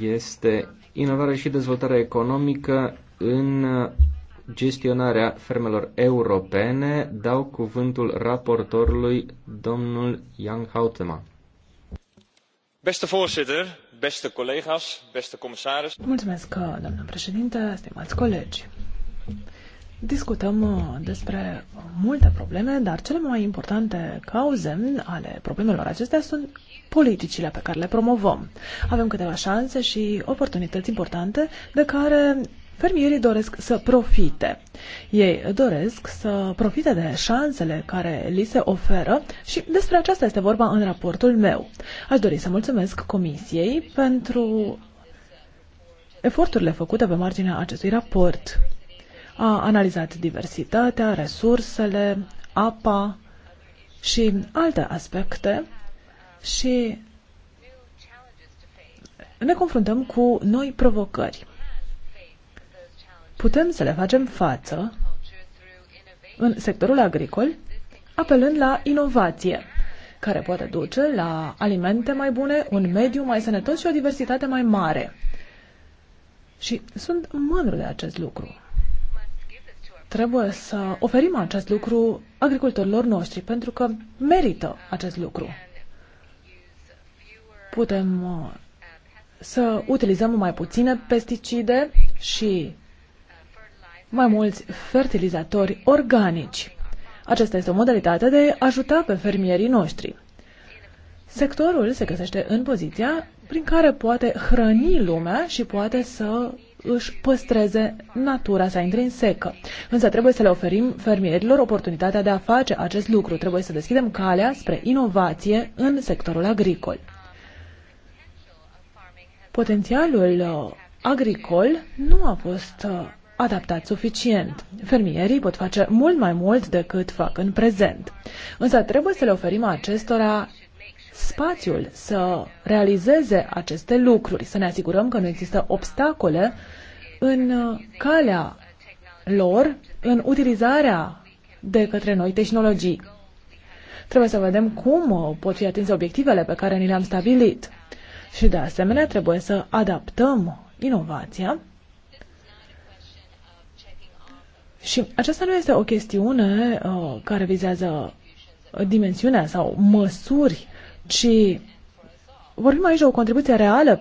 este inovarea și dezvoltarea economică în gestionarea fermelor europene. Dau cuvântul raportorului domnul Jan Hautema. Beste voorzitter, beste collega's, beste commissaris. Mulțumesc, doamnă președinte, stimați colegi. Discutăm uh, despre multe probleme, dar cele mai importante cauze ale problemelor acestea sunt politicile pe care le promovăm. Avem câteva șanse și oportunități importante de care fermierii doresc să profite. Ei doresc să profite de șansele care li se oferă și despre aceasta este vorba în raportul meu. Aș dori să mulțumesc Comisiei pentru eforturile făcute pe marginea acestui raport a analizat diversitatea, resursele, apa și alte aspecte și ne confruntăm cu noi provocări. Putem să le facem față în sectorul agricol, apelând la inovație, care poate duce la alimente mai bune, un mediu mai sănătos și o diversitate mai mare. Și sunt mândru de acest lucru trebuie să oferim acest lucru agricultorilor noștri, pentru că merită acest lucru. Putem uh, să utilizăm mai puține pesticide și mai mulți fertilizatori organici. Aceasta este o modalitate de a ajuta pe fermierii noștri. Sectorul se găsește în poziția prin care poate hrăni lumea și poate să își păstreze natura sa intrinsecă. Însă trebuie să le oferim fermierilor oportunitatea de a face acest lucru. Trebuie să deschidem calea spre inovație în sectorul agricol. Potențialul uh, agricol nu a fost uh, adaptat suficient. Fermierii pot face mult mai mult decât fac în prezent. Însă trebuie să le oferim acestora spațiul să realizeze aceste lucruri, să ne asigurăm că nu există obstacole în calea lor, în utilizarea de către noi tehnologii. Trebuie să vedem cum pot fi atinse obiectivele pe care ni le-am stabilit. Și de asemenea trebuie să adaptăm inovația și aceasta nu este o chestiune uh, care vizează dimensiunea sau măsuri ci vorbim aici de o contribuție reală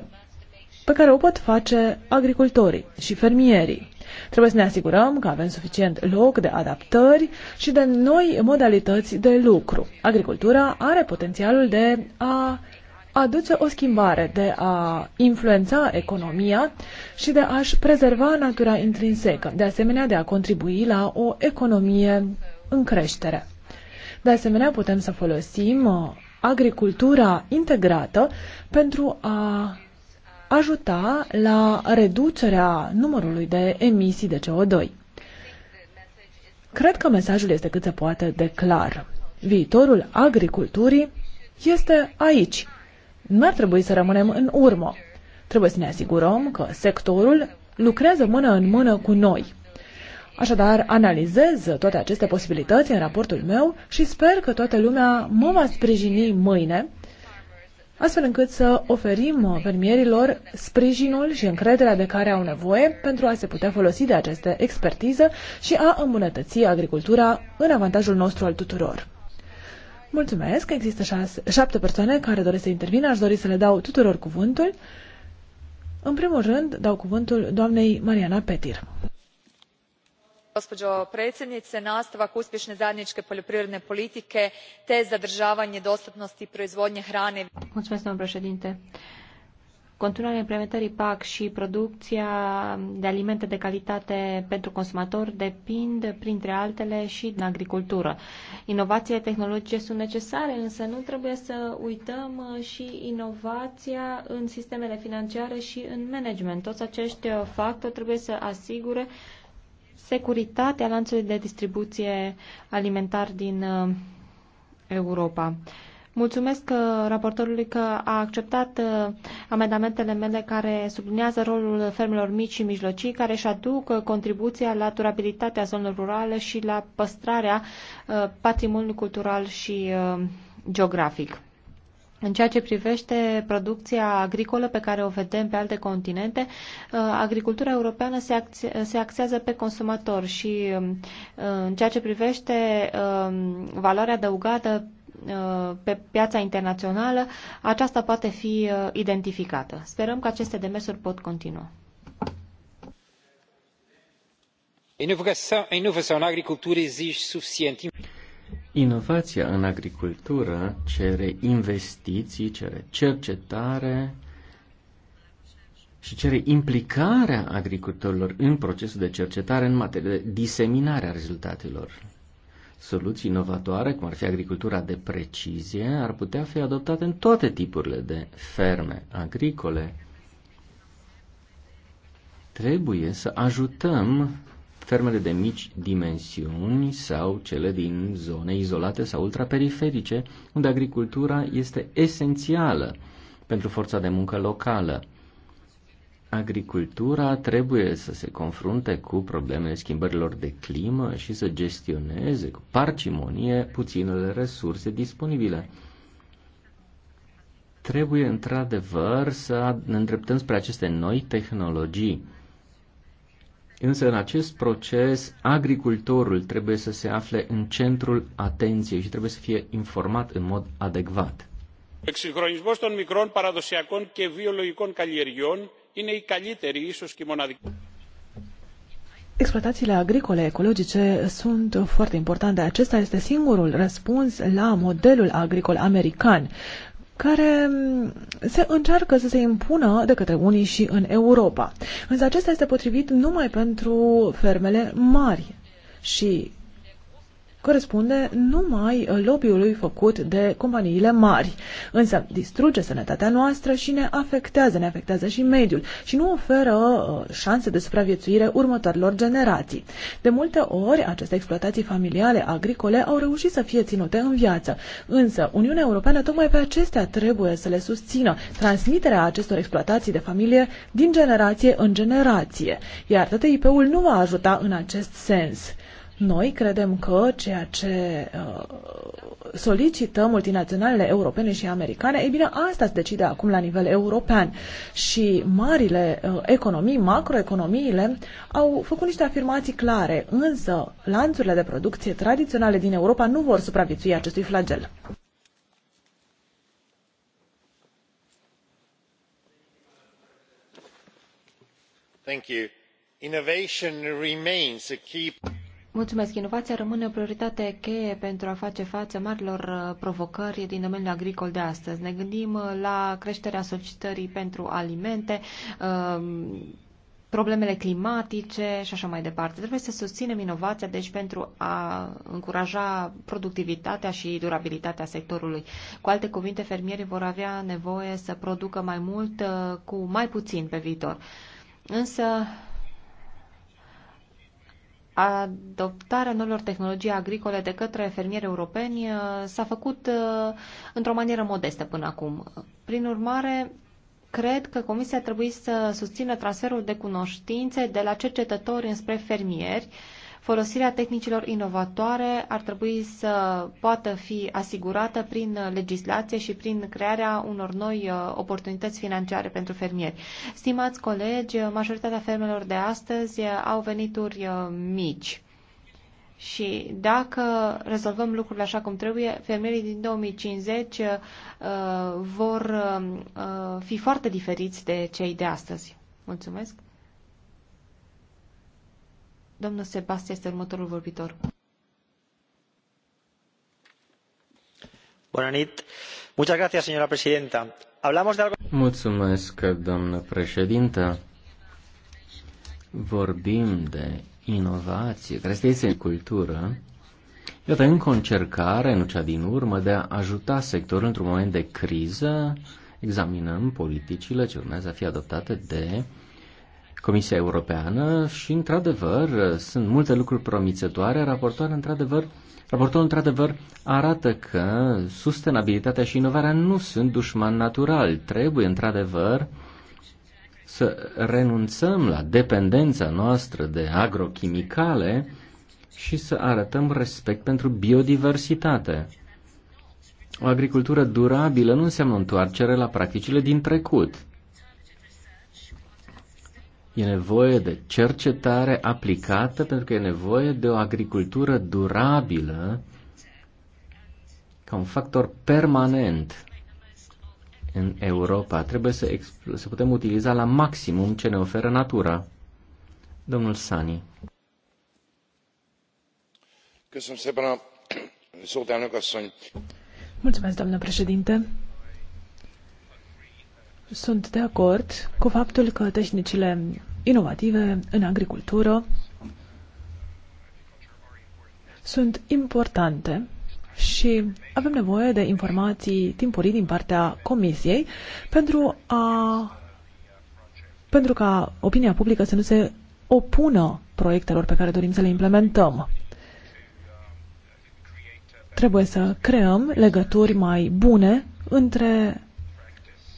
pe care o pot face agricultorii și fermierii. Trebuie să ne asigurăm că avem suficient loc de adaptări și de noi modalități de lucru. Agricultura are potențialul de a aduce o schimbare, de a influența economia și de a-și prezerva natura intrinsecă, de asemenea de a contribui la o economie în creștere. De asemenea, putem să folosim uh, agricultura integrată pentru a ajuta la reducerea numărului de emisii de CO2. Cred că mesajul este cât se poate de clar. Viitorul agriculturii este aici. Nu ar trebui să rămânem în urmă. Trebuie să ne asigurăm că sectorul lucrează mână în mână cu noi. Așadar, analizez toate aceste posibilități în raportul meu și sper că toată lumea mă va sprijini mâine, astfel încât să oferim fermierilor sprijinul și încrederea de care au nevoie pentru a se putea folosi de aceste expertiză și a îmbunătăți agricultura în avantajul nostru al tuturor. Mulțumesc, există șase, șapte persoane care doresc să intervină, aș dori să le dau tuturor cuvântul. În primul rând, dau cuvântul doamnei Mariana Petir gospođo predsjednice nastavak uspješne zajedničke poljoprivredne politike te zadržavanje dostatnosti proizvodnje hrane. domnule președinte continuarea implementării PAC și producția de alimente de calitate pentru consumator depind, printre altele, și din agricultură. Inovațiile tehnologice sunt necesare, însă nu trebuie să uităm și inovația în sistemele financiare și în management. Toți acești factori trebuie să asigure securitatea lanțului de distribuție alimentar din uh, Europa. Mulțumesc uh, raportorului că a acceptat uh, amendamentele mele care sublinează rolul fermelor mici și mijlocii, care își aduc contribuția la durabilitatea zonelor rurale și la păstrarea patrimoniului cultural și geografic. În ceea ce privește producția agricolă pe care o vedem pe alte continente, uh, agricultura europeană se, axează, se axează pe consumator și um, uh, în ceea ce privește um, valoarea adăugată uh, pe piața internațională, aceasta poate fi identificată. Sperăm că aceste demersuri pot continua. Inovação, a inovação na agricultura exige suficiente. Inovația în agricultură cere investiții, cere cercetare și cere implicarea agricultorilor în procesul de cercetare în materie de diseminare a rezultatelor. Soluții inovatoare, cum ar fi agricultura de precizie, ar putea fi adoptate în toate tipurile de ferme agricole. Trebuie să ajutăm fermele de mici dimensiuni sau cele din zone izolate sau ultraperiferice, unde agricultura este esențială pentru forța de muncă locală. Agricultura trebuie să se confrunte cu problemele schimbărilor de climă și să gestioneze cu parcimonie puținele resurse disponibile trebuie într-adevăr să ne îndreptăm spre aceste noi tehnologii. Însă în acest proces, agricultorul trebuie să se afle în centrul atenției și trebuie să fie informat în mod adecvat. Εξυγχρονισμός των μικρών παραδοσιακών και βιολογικών καλλιεργειών είναι η καλύτερη, ίσως και μοναδική. Exploatațiile agricole ecologice sunt foarte importante. Acesta este singurul răspuns la modelul agricol american care mm, se încearcă să se impună de către unii și în Europa. Însă acesta este potrivit numai pentru fermele mari și corespunde numai uh, lobby-ului făcut de companiile mari. Însă distruge sănătatea noastră și ne afectează, ne afectează și mediul și nu oferă uh, șanse de supraviețuire următoarelor generații. De multe ori, aceste exploatații familiale agricole au reușit să fie ținute în viață. Însă, Uniunea Europeană tocmai pe acestea trebuie să le susțină, transmiterea acestor exploatații de familie din generație în generație. Iar TTIP-ul nu va ajuta în acest sens. Noi credem că ceea ce uh, solicită multinaționalele europene și americane, e bine, asta se decide acum la nivel european. Și marile uh, economii, macroeconomiile, au făcut niște afirmații clare, însă lanțurile de producție tradiționale din Europa nu vor supraviețui acestui flagel. Thank you. Innovation remains a key Mulțumesc. Inovația rămâne o prioritate cheie pentru a face față marilor uh, provocări din domeniul agricol de astăzi. Ne gândim uh, la creșterea solicitării pentru alimente, uh, problemele climatice și așa mai departe. Trebuie să susținem inovația, deci, pentru a încuraja productivitatea și durabilitatea sectorului. Cu alte cuvinte, fermierii vor avea nevoie să producă mai mult cu mai puțin pe viitor. Însă, adoptarea noilor tehnologii agricole de către fermieri europeni uh, s-a făcut uh, într-o manieră modestă până acum. Prin urmare, cred că Comisia trebuie să susțină transferul de cunoștințe de la cercetători înspre fermieri, Folosirea tehnicilor inovatoare ar trebui să poată fi asigurată prin legislație și prin crearea unor noi uh, oportunități financiare pentru fermieri. Stimați colegi, majoritatea fermelor de astăzi uh, au venituri uh, mici. Și dacă rezolvăm lucrurile așa cum trebuie, fermierii din 2050 uh, vor uh, fi foarte diferiți de cei de astăzi. Mulțumesc! Domnul Sebastian este următorul vorbitor. señora presidenta. Hablamos de algo... Mulțumesc, doamnă președintă. Vorbim de inovație, care este în cultură. Iată, încă o încercare, nu cea din urmă, de a ajuta sectorul într-un moment de criză. Examinăm politicile ce urmează a fi adoptate de Comisia Europeană și, într-adevăr, sunt multe lucruri promițătoare. Raportorul, într-adevăr, raportorul, într-adevăr, arată că sustenabilitatea și inovarea nu sunt dușman natural. Trebuie, într-adevăr, să renunțăm la dependența noastră de agrochimicale și să arătăm respect pentru biodiversitate. O agricultură durabilă nu înseamnă întoarcere la practicile din trecut E nevoie de cercetare aplicată pentru că e nevoie de o agricultură durabilă ca un factor permanent în Europa. Trebuie să, să putem utiliza la maximum ce ne oferă natura. Domnul Sani. Mulțumesc, doamnă președinte. Sunt de acord cu faptul că tehnicile inovative în agricultură sunt importante și avem nevoie de informații timpurii din partea Comisiei pentru, a, pentru ca opinia publică să nu se opună proiectelor pe care dorim să le implementăm. Trebuie să creăm legături mai bune între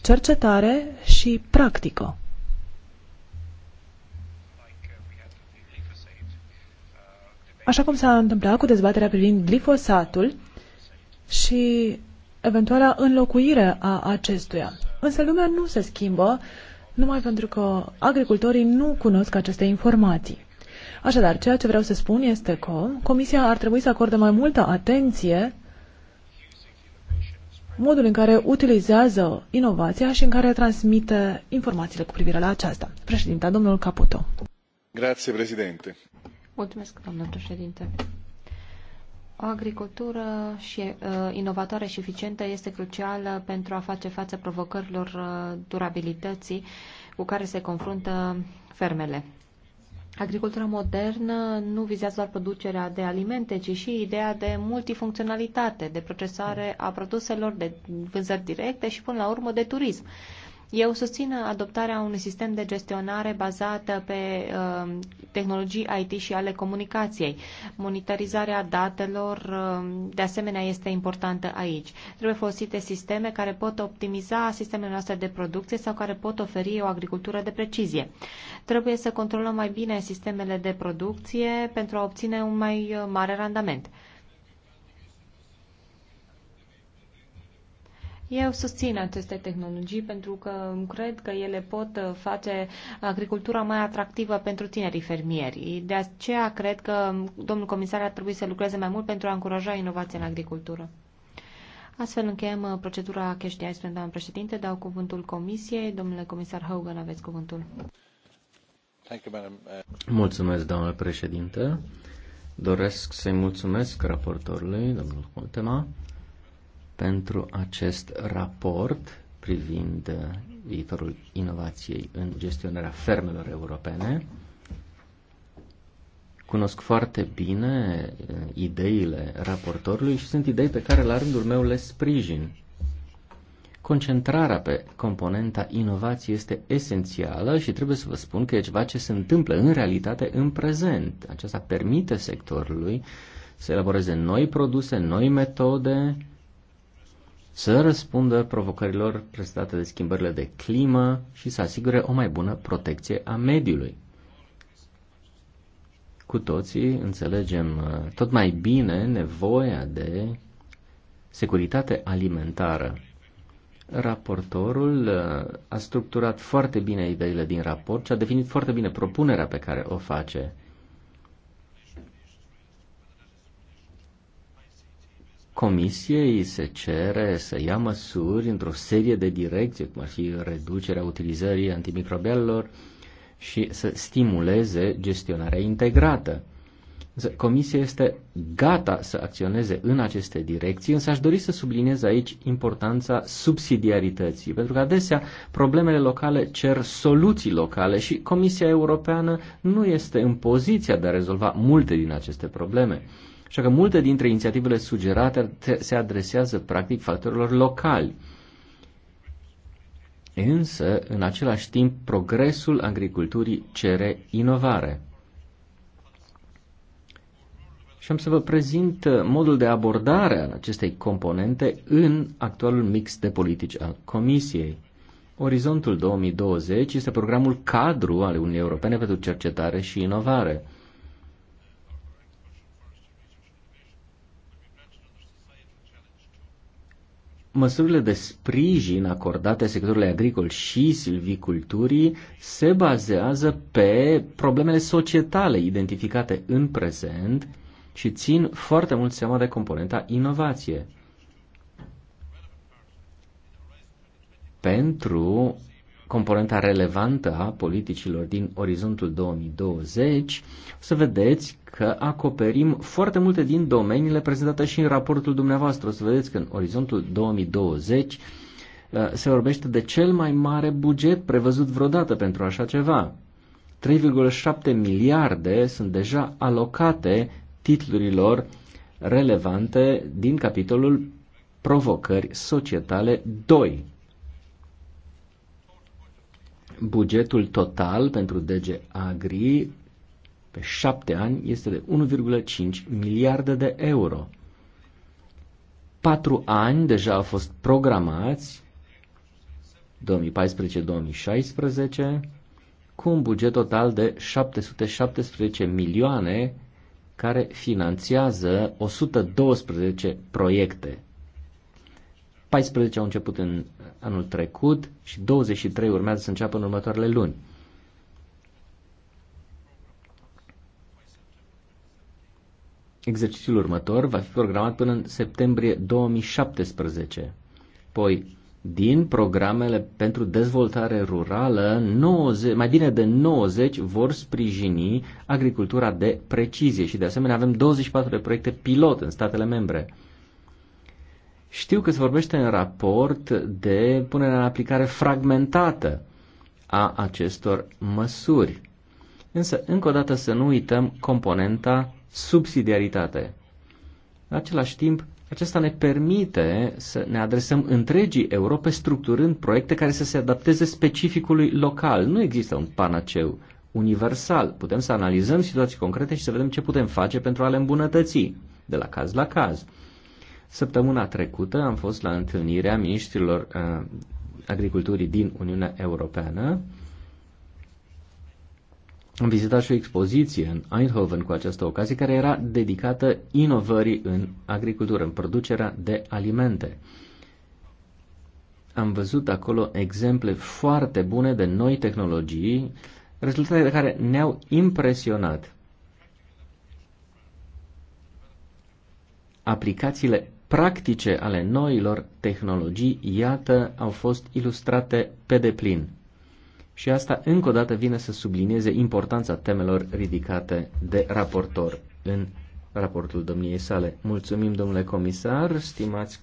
cercetare și practică. Așa cum s-a întâmplat cu dezbaterea privind glifosatul și eventuala înlocuire a acestuia. Însă lumea nu se schimbă numai pentru că agricultorii nu cunosc aceste informații. Așadar, ceea ce vreau să spun este că Comisia ar trebui să acorde mai multă atenție modul în care utilizează inovația și în care transmite informațiile cu privire la aceasta. Președinta, domnul Caputo. Grație, președinte. Mulțumesc, domnul președinte. O agricultură și, uh, inovatoare și eficientă este crucială pentru a face față provocărilor uh, durabilității cu care se confruntă fermele. Agricultura modernă nu vizează doar producerea de alimente, ci și ideea de multifuncționalitate, de procesare a produselor, de vânzări directe și, până la urmă, de turism. Eu susțin adoptarea unui sistem de gestionare bazat pe uh, tehnologii IT și ale comunicației. Monitorizarea datelor, uh, de asemenea, este importantă aici. Trebuie folosite sisteme care pot optimiza sistemele noastre de producție sau care pot oferi o agricultură de precizie. Trebuie să controlăm mai bine sistemele de producție pentru a obține un mai uh, mare randament. Eu susțin aceste tehnologii pentru că cred că ele pot uh, face agricultura mai atractivă pentru tinerii fermieri. De aceea cred că domnul comisar ar trebui să lucreze mai mult pentru a încuraja inovația în agricultură. Astfel încheiem uh, procedura chestia spre doamnă președinte. Dau cuvântul comisiei. Domnule comisar Hogan, aveți cuvântul. Uh, mulțumesc, doamnă președinte. Doresc să-i mulțumesc raportorului, domnul Contema, pentru acest raport privind viitorul inovației în gestionarea fermelor europene. Cunosc foarte bine eh, ideile raportorului și sunt idei pe care la rândul meu le sprijin. Concentrarea pe componenta inovație este esențială și trebuie să vă spun că e ceva ce se întâmplă în realitate în prezent. Aceasta permite sectorului să elaboreze noi produse, noi metode, să răspundă provocărilor prestate de schimbările de climă și să asigure o mai bună protecție a mediului. Cu toții înțelegem uh, tot mai bine nevoia de securitate alimentară. Raportorul uh, a structurat foarte bine ideile din raport și a definit foarte bine propunerea pe care o face. Comisiei se cere să ia măsuri într-o serie de direcții, cum ar fi reducerea utilizării antimicrobialelor și să stimuleze gestionarea integrată. Comisia este gata să acționeze în aceste direcții, însă aș dori să subliniez aici importanța subsidiarității, pentru că adesea problemele locale cer soluții locale și Comisia Europeană nu este în poziția de a rezolva multe din aceste probleme. Așa că multe dintre inițiativele sugerate se adresează practic factorilor locali. Însă, în același timp, progresul agriculturii cere inovare. Și am să vă prezint modul de abordare al acestei componente în actualul mix de politici al Comisiei. Orizontul 2020 este programul cadru al Uniunii Europene pentru cercetare și inovare. măsurile de sprijin acordate sectorului agricol și silviculturii se bazează pe problemele societale identificate în prezent și țin foarte mult seama de componenta inovație. Pentru componenta relevantă a politicilor din orizontul 2020, o să vedeți că acoperim foarte multe din domeniile prezentate și în raportul dumneavoastră. O să vedeți că în orizontul 2020 uh, se vorbește de cel mai mare buget prevăzut vreodată pentru așa ceva. 3,7 miliarde sunt deja alocate titlurilor relevante din capitolul provocări societale 2. Bugetul total pentru DG Agri pe șapte ani este de 1,5 miliarde de euro. Patru ani deja au fost programați, 2014-2016, cu un buget total de 717 milioane care finanțează 112 proiecte 14 au început în anul trecut și 23 urmează să înceapă în următoarele luni. Exercițiul următor va fi programat până în septembrie 2017. Poi, din programele pentru dezvoltare rurală, 90, mai bine de 90 vor sprijini agricultura de precizie și de asemenea avem 24 de proiecte pilot în statele membre. Știu că se vorbește în raport de punerea în aplicare fragmentată a acestor măsuri. Însă, încă o dată, să nu uităm componenta subsidiaritate. În același timp, acesta ne permite să ne adresăm întregii Europe structurând proiecte care să se adapteze specificului local. Nu există un panaceu universal. Putem să analizăm situații concrete și să vedem ce putem face pentru a le îmbunătăți, de la caz la caz. Săptămâna trecută am fost la întâlnirea ministrilor uh, agriculturii din Uniunea Europeană. Am vizitat și o expoziție în Eindhoven cu această ocazie care era dedicată inovării în agricultură, în producerea de alimente. Am văzut acolo exemple foarte bune de noi tehnologii, rezultatele care ne-au impresionat. Aplicațiile practice ale noilor tehnologii, iată, au fost ilustrate pe deplin. Și asta încă o dată vine să sublinieze importanța temelor ridicate de raportor în raportul domniei sale. Mulțumim, domnule comisar, stimați